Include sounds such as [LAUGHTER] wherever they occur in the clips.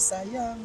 sayang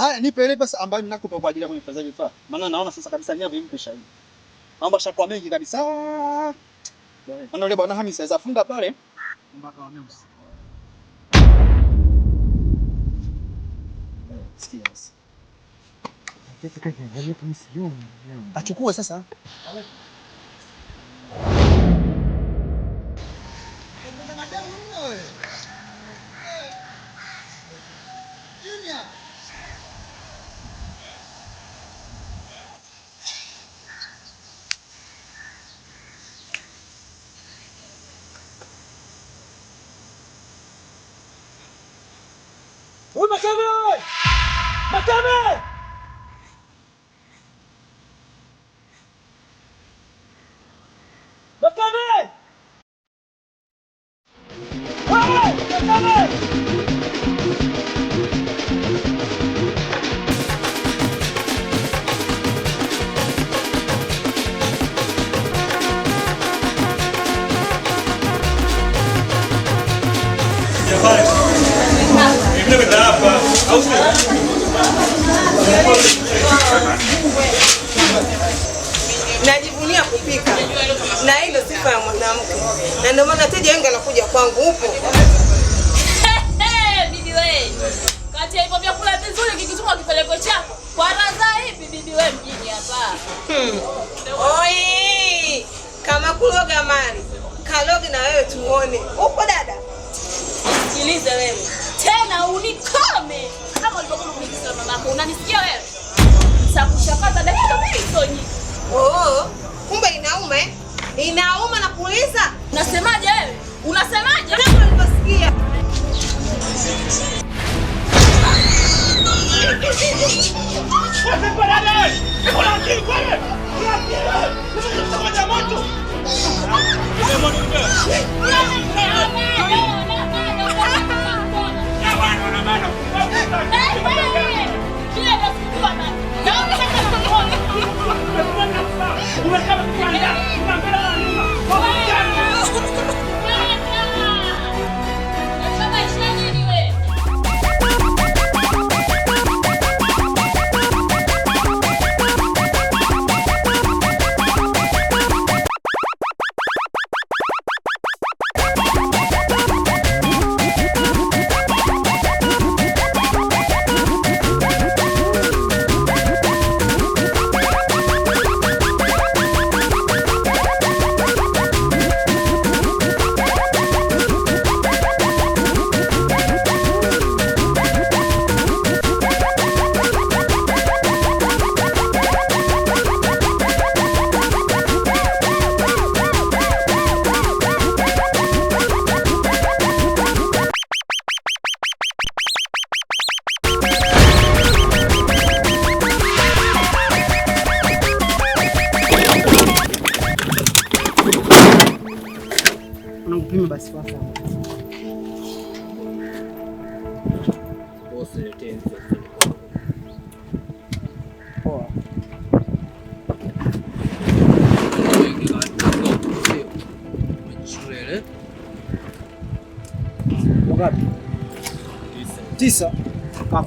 Ah, nipe ile pesa ambayo ninakupa kwa ajili ya kuhifadhi vifaa. Maana naona sasa kabisa nyavu imkwisha hivi. Mambo yashakuwa mengi kabisa. Maana yule bwana Hamisa aweza funga pale mpaka wa wameusi. Sikia sasa. Achukue sasa. ¡Uy, Macabre! ¡Macabre! vizuri kikitumwa kipeleko chako kwa raza hivi bibi wewe mjini hapa. Hmm. Oi! Kama kuloga mali, kaloge na wewe tuone. Uko dada? Sikiliza wewe. Tena unikome. Kama ulivyokuwa unikisema mamako, unanisikia wewe? Sakushakaza dakika mbili sonyi. Oh, kumbe inauma eh? Inauma na kuuliza. Unasemaje wewe? Unasemaje? Kama ulivyosikia. aqui, aqui! ¡Fuerzas paradas! não, la tira, fuera! ¡Con la tira! Não, me gusta moto! ¡No não, gusta! ¡No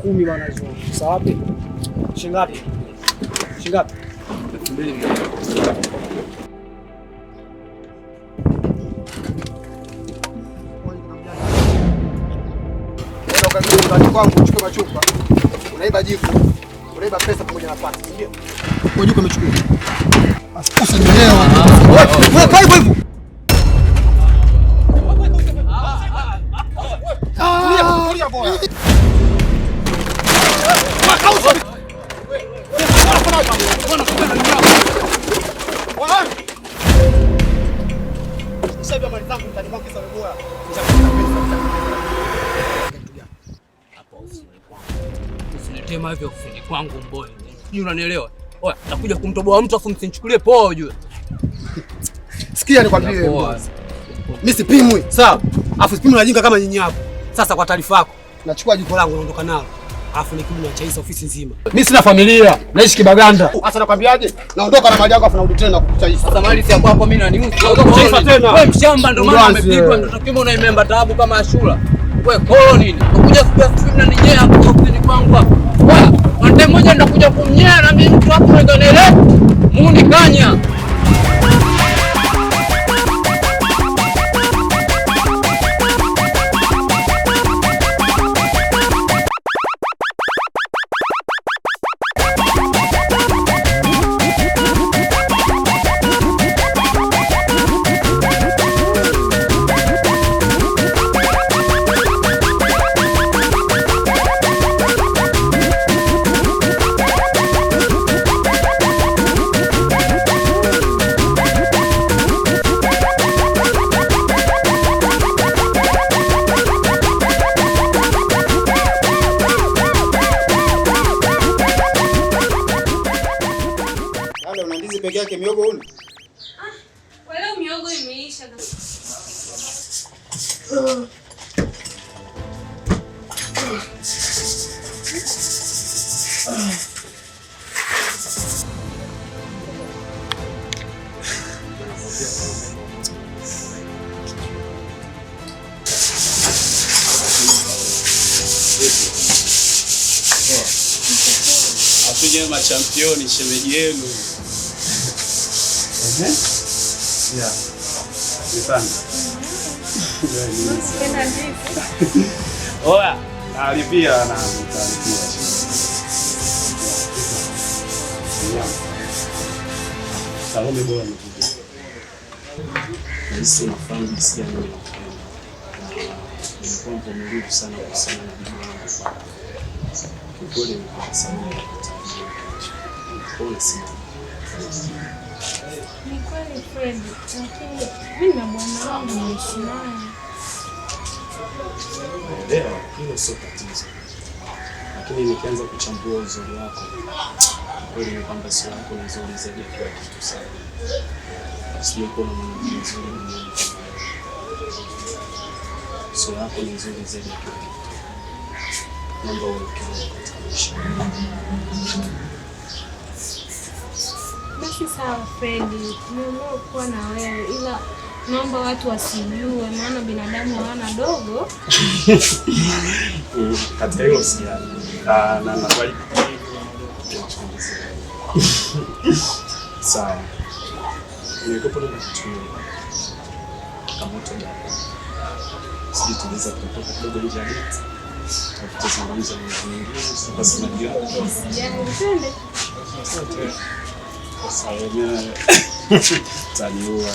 kumi bwana hizo. Sasa wapi? Shingapi? Shingapi? Kwangu uchukue machupa, unaiba jiko, unaiba pesa pamoja na nafasi. Ndio. Kwa jiko umechukua. Asikusa Wewe kwa hivyo hivyo. kusema hivyo ofisini kwangu mboe. Sijui unanielewa? Oya, nakuja kumtoboa mtu afu msinichukulie poa ujue. Sikia nikwambie. Mimi sipimwi, sawa? Afu sipimwi na jinga kama nyinyi hapo. Sasa kwa taarifa yako, nachukua jiko langu naondoka nalo. Afu nikimu na chaisa ofisi nzima. Mimi sina familia, naishi Kibaganda. Sasa nakwambiaje? Naondoka na maji yako afu narudi tena kukuchaisa. Sasa mali si yako hapo mimi na niuzi. chaisa tena. Wewe mshamba ndo maana umepigwa ndo tukimu na imemba taabu kama Ashura. Wewe koloni nini? Unakuja kupiga kusimama na ninyewe hapo ofisini kwangu hapo kwa ande moja ndakuja kumnyea mimi mtu hapo ndonele mundi kanya Atuje machampioni shemeji yenu. Oa, alipia na Salome bwana jinsi nafahamu jinsi gani mimi nakupenda, nimekuwa mvumilivu sana kuhusiana na jibu langu. Kiukweli nimepata sababu ya kutarajia kwa unasema ni kweli Fred, lakini mimi na bwana wangu naishi naye. Naelewa hilo sio tatizo, lakini nikianza kuchambua uzuri wako kweli ni kwamba sio wako ni nzuri zaidi ya kila kitu sana Usiokuwa na mwanamke mzuri duniani kama wewe. Sura yako ni nzuri zaidi ya kila kitu. Naomba katika maisha basi. Sawa Fredi, nimeamua kuwa na wewe, ila naomba watu wasijue, maana binadamu hawana dogo. Mm, katika ah, na nakwaji sawa Nilikuwa na kitu kama moto ndani. Sisi tunaweza kutoka kidogo nje ya geti. Tutazungumza na mtu mwingine, basi na ndio. Asante. Asante. [COUGHS] Taniua.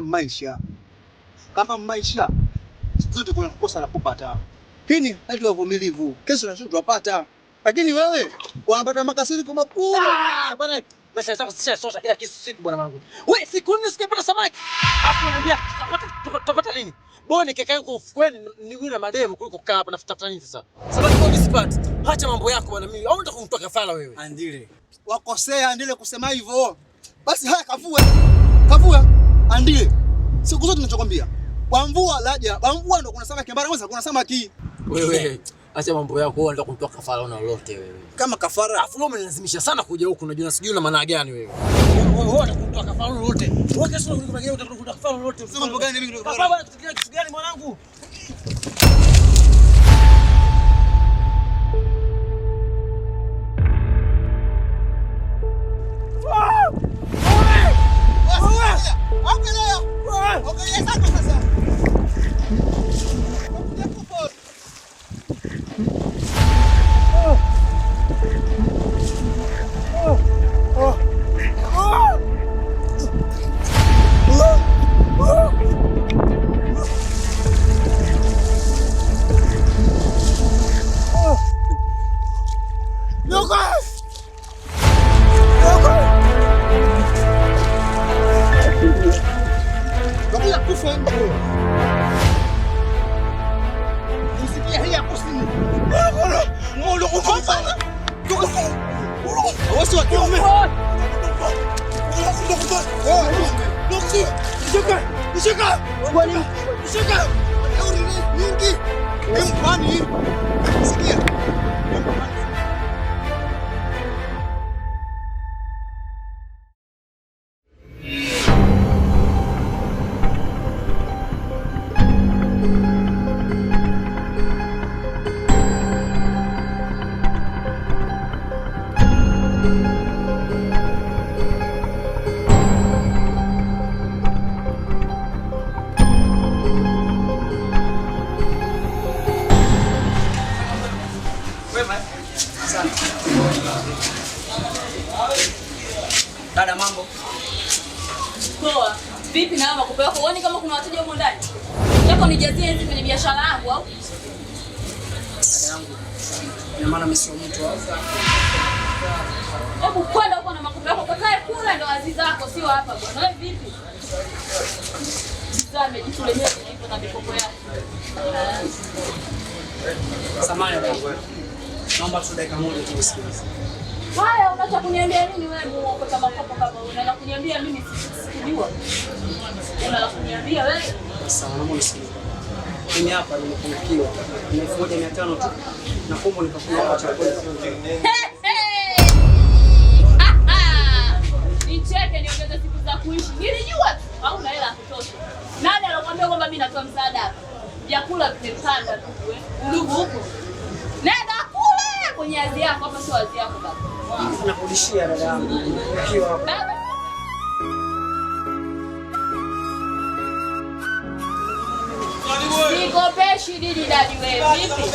haya maisha. Kama maisha zote kuna kukosa na kupata, hii ni hali ya uvumilivu. Kesho na sisi tutapata, lakini wewe unapata kwa makubwa ah, bwana. Pesa zako sisi sasa kila kitu siku bwana wangu. Wewe siku nne pata samaki. Afu unaniambia tutapata nini? Bora nikakaa huko ufukweni niwe na mademu kuliko kukaa hapa nafuta nini sasa? Samaki kwa nisipate. Acha mambo yako bwana mimi. Au unataka kumtoa kafara wewe? Andile. Wakosea andile kusema hivyo. Basi haya kavua. Kavua. Andie. Siku zote ninachokwambia. Kwa mvua laja, kwa mvua ndo kuna samaki mbaya kwanza kuna samaki. Wewe acha mambo yako wewe, unataka kutoa kafara na lolote wewe. Kama kafara, afu wewe umenilazimisha sana kuja huku unajua na sijui na maana gani wewe. Wewe unataka kutoa kafara lolote. Wewe kesho unataka kutoa kafara lolote. Sema mambo gani mimi ndio kafara? Kafara kitu gani mwanangu? Ok, exacto. Vipi na hawa kupewa kwa uone kama kuna wateja huko ndani? Nataka unijazie hizi kwenye biashara yangu au? Ina maana mimi sio mtu au? Hebu kwenda huko na makumbuko yako, kakae kula ndo azizi zako sio hapa bwana. Wewe vipi? Sasa amejitulemea kipo na mikopo yako. Samahani. Naomba tu dakika moja tu nisikilize. Haya, unataka kuniambia nini wewe mkota makopo kama wewe? Unataka kuniambia mimi sikujua. Unataka kuniambia wewe? Mimi hapa nimekunukiwa. Ni elfu moja mia tano tu. Na kombo nikakula kwa chakula. [LAUGHS] Nicheke niongeze siku za kuishi. Nilijua tu hauna hela kutosha. Nani alokuambia kwamba mimi natoa msaada hapa? Vyakula vimepanda tu eh. Ndugu huko. Nenda kule kwenye azi yako, hapa sio azi yako baba nakurudishia dada yangu ukiwa nikopeshi dili dadi wewe vipi?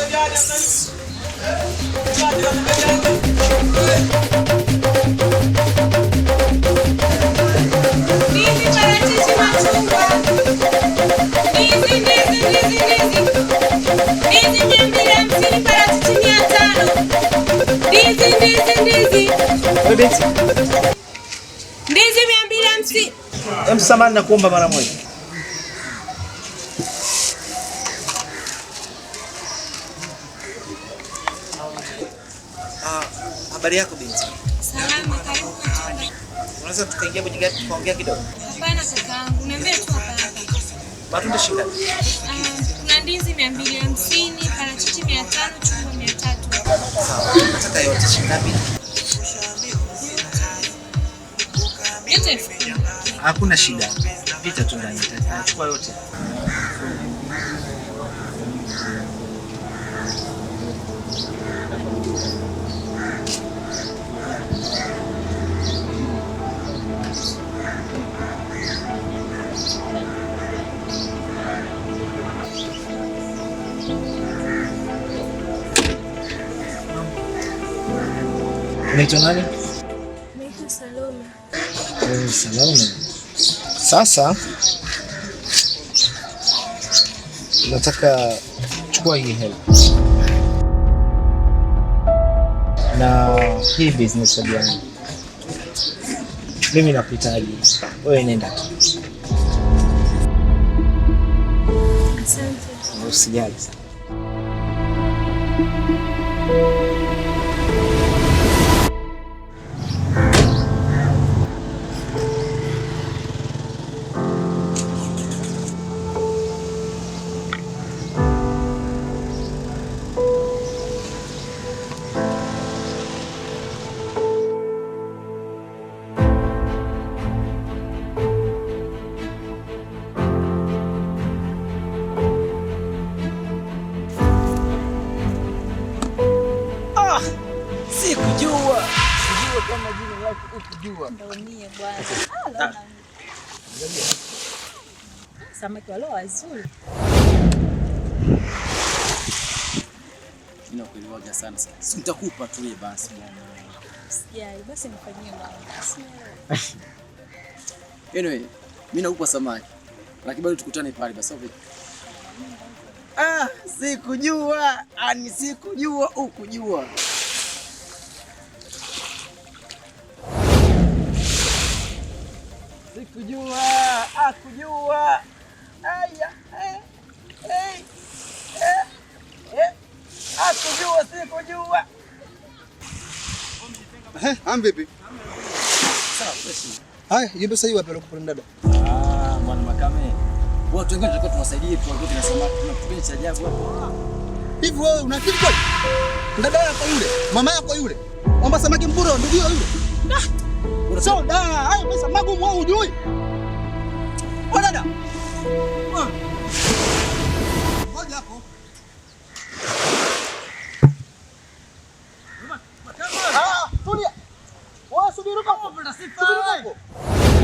Beti? Ndizi mia mbili hamsini. Em, samahani nakuomba mara moja. Ah, habari yako binti? Salama, karibu. Unaweza tukaingia kwenye gari tukaongea kidogo? Hapana kakaangu, niambie tu hapa. Matunda shida. Ah, kuna ndizi 250, parachichi 500, chungwa 300. Sawa, nataka yote shilingi Hakuna shida, pita tu ndani, nitachukua yote. Naitwa nani? Salome. Eh, Salome. Sasa nataka chukua hii hela na hii business yangu. Mimi nakuhitaji wewe, nenda Usijali sana. samaki walio wazuri. Ninakuelewaga sana sana. Si nitakupa tu ile basi. mwana. Sijai, basi nifanyie mambo. [LAUGHS] Anyway, mimi nakupa samaki. Lakini bado tukutane pale basi. Ah, sikujua, ani ah, sikujua ukujua. Sikujua, akujua. Eh, eh, eh, Hakujua sikujua. Vipi? Haya, jumbe sahihi wapi alikuwa dada? Ah, bwana Makame. Watu wengine tulikuwa tuwasaidie tu watu tunasema tunakupiga cha ajabu hapo. Hivi wewe una kitu kweli? Dada yako yule, mama yako yule. Omba samaki mpuro ndio yule. Da. Unasema da, hayo pesa magumu wewe hujui. Dada.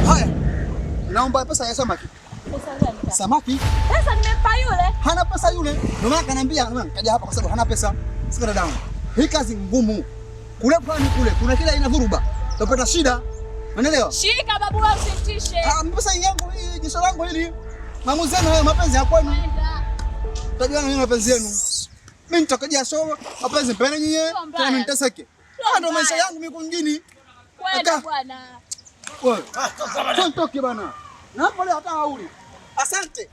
Haya, naomba pesa ya samaki. Samaki? Pesa nimempa yule. Hana pesa yule. Ndio maana kananiambia, kaja hapa kwa sababu hana pesa. Sika dada yangu. Hii kazi ngumu. Kule pwani kule kuna kila aina dhuruba. Utapata shida. Unaelewa? Shika babu usitishe. Ah, pesa yangu hii, jiso langu hili. Maamuzi yenu hayo, mapenzi ya kwenu. Tajuana nini mapenzi yenu? Mimi nitakuja solo, mapenzi mpende nyinyi, tena mniteseke. Ah, ndio maisha yangu mimi kungini. Kwenda bwana. Wewe, toke bwana. Na hapo leo hata hauli. Asante.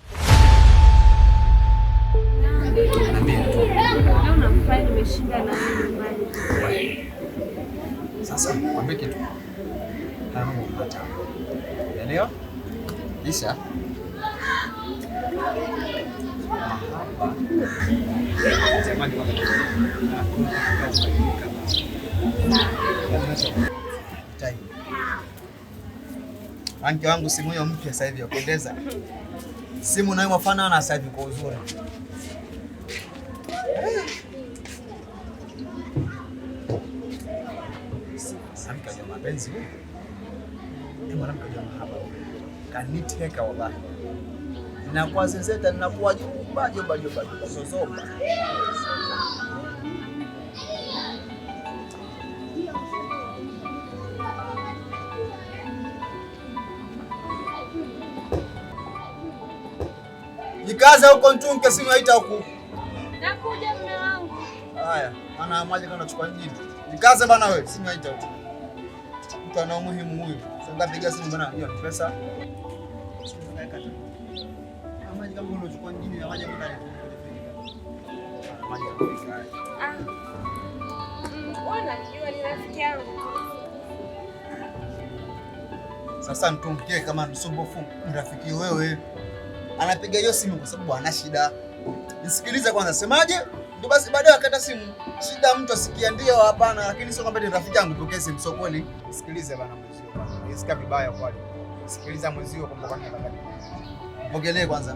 Sasa kwambie kitu. Haya mambo Elewa? Isha. Mke wangu simu hiyo mpya sasa hivi yapendeza. Simu nayo na sasa hivi kwa uzuri. Mapenzi. Mwanamke wa mahaba. Kaniteka wallahi na kwa zezeta ninakuwa jumba jumba jumba zozoba. Jikaza huko ntunke, simu haita huku. Nakuja mume wangu. Haya, ana maji kana chukua nini? Jikaza bana wewe, simu haita huku. Mtu ana muhimu huyu. Sasa ngapi piga simu bana? Hiyo pesa. Ah, mm, Sasa mtongee kama msumbufu mrafiki wewe, anapiga hiyo simu kwa sababu ana shida. Nisikilize kwanza, semaje? Ndio basi, baadaye akata simu. Shida mtu asikia ndio hapana, lakini sio kwamba ni rafiki yangu pokee simu, sio kweli. Sikilize bana, mwezio bana, nisikia vibaya kwani. Sikiliza mwezio kwa mbona, pokelee kwanza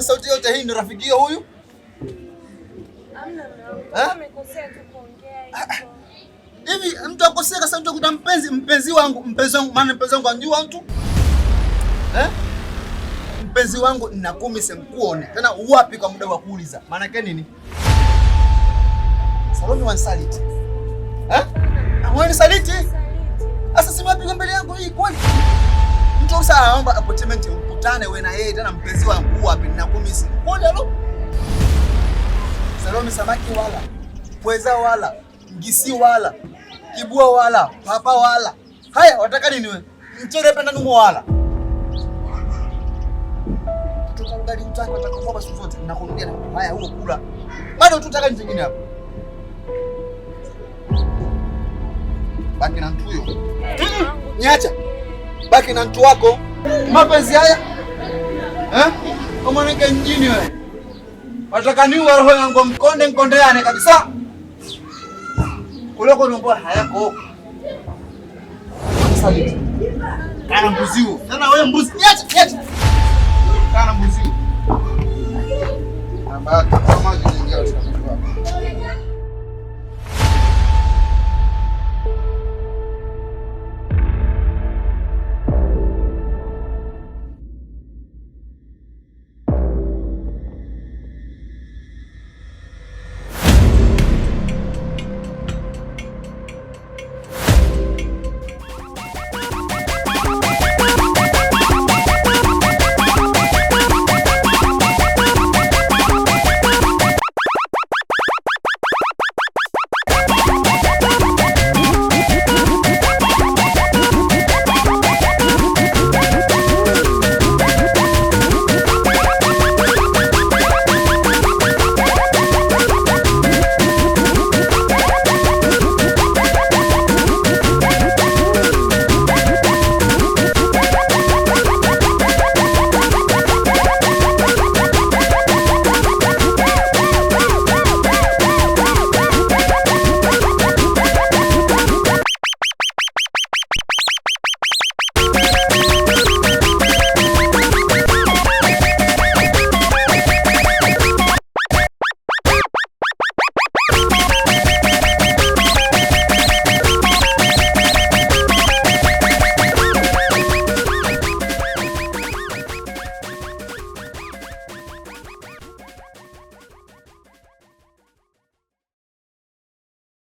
huyu sauti yote hii ni rafiki huyu? Eh? Ah, ah. Hivi mtu akosea sauti akuta mpenzi mpenzi wangu mpenzi wangu maana mpenzi wangu anjua mtu? Eh? Mpenzi wangu nina kumi kuone Tena wapi kwa muda wa kuuliza? Maana yake nini? Saloni saliti Eh? ni saliti? Sasa simapiga mbele yangu hii kwani? Mtosa anaomba appointment wewe na yeye tena mpenzi wangu wapi na kumi si Salome samaki wala, pweza wala, ngisi wala, kibua wala, papa wala. Haya wataka nini wewe? penda wala. Kutoka basi zote na haya huo kula. Bado tutaka nini hapo? Baki na mtu huyo. Niacha baki na mtu wako. Mapenzi haya eh, mwanamke mjini wewe, wataka ni roho yangu mkonde mkondeane kabisa. Uloko ni mbona hayako kana mbuzi huo. Tena wewe mbuzi, niache niache, kana mbuzi huo.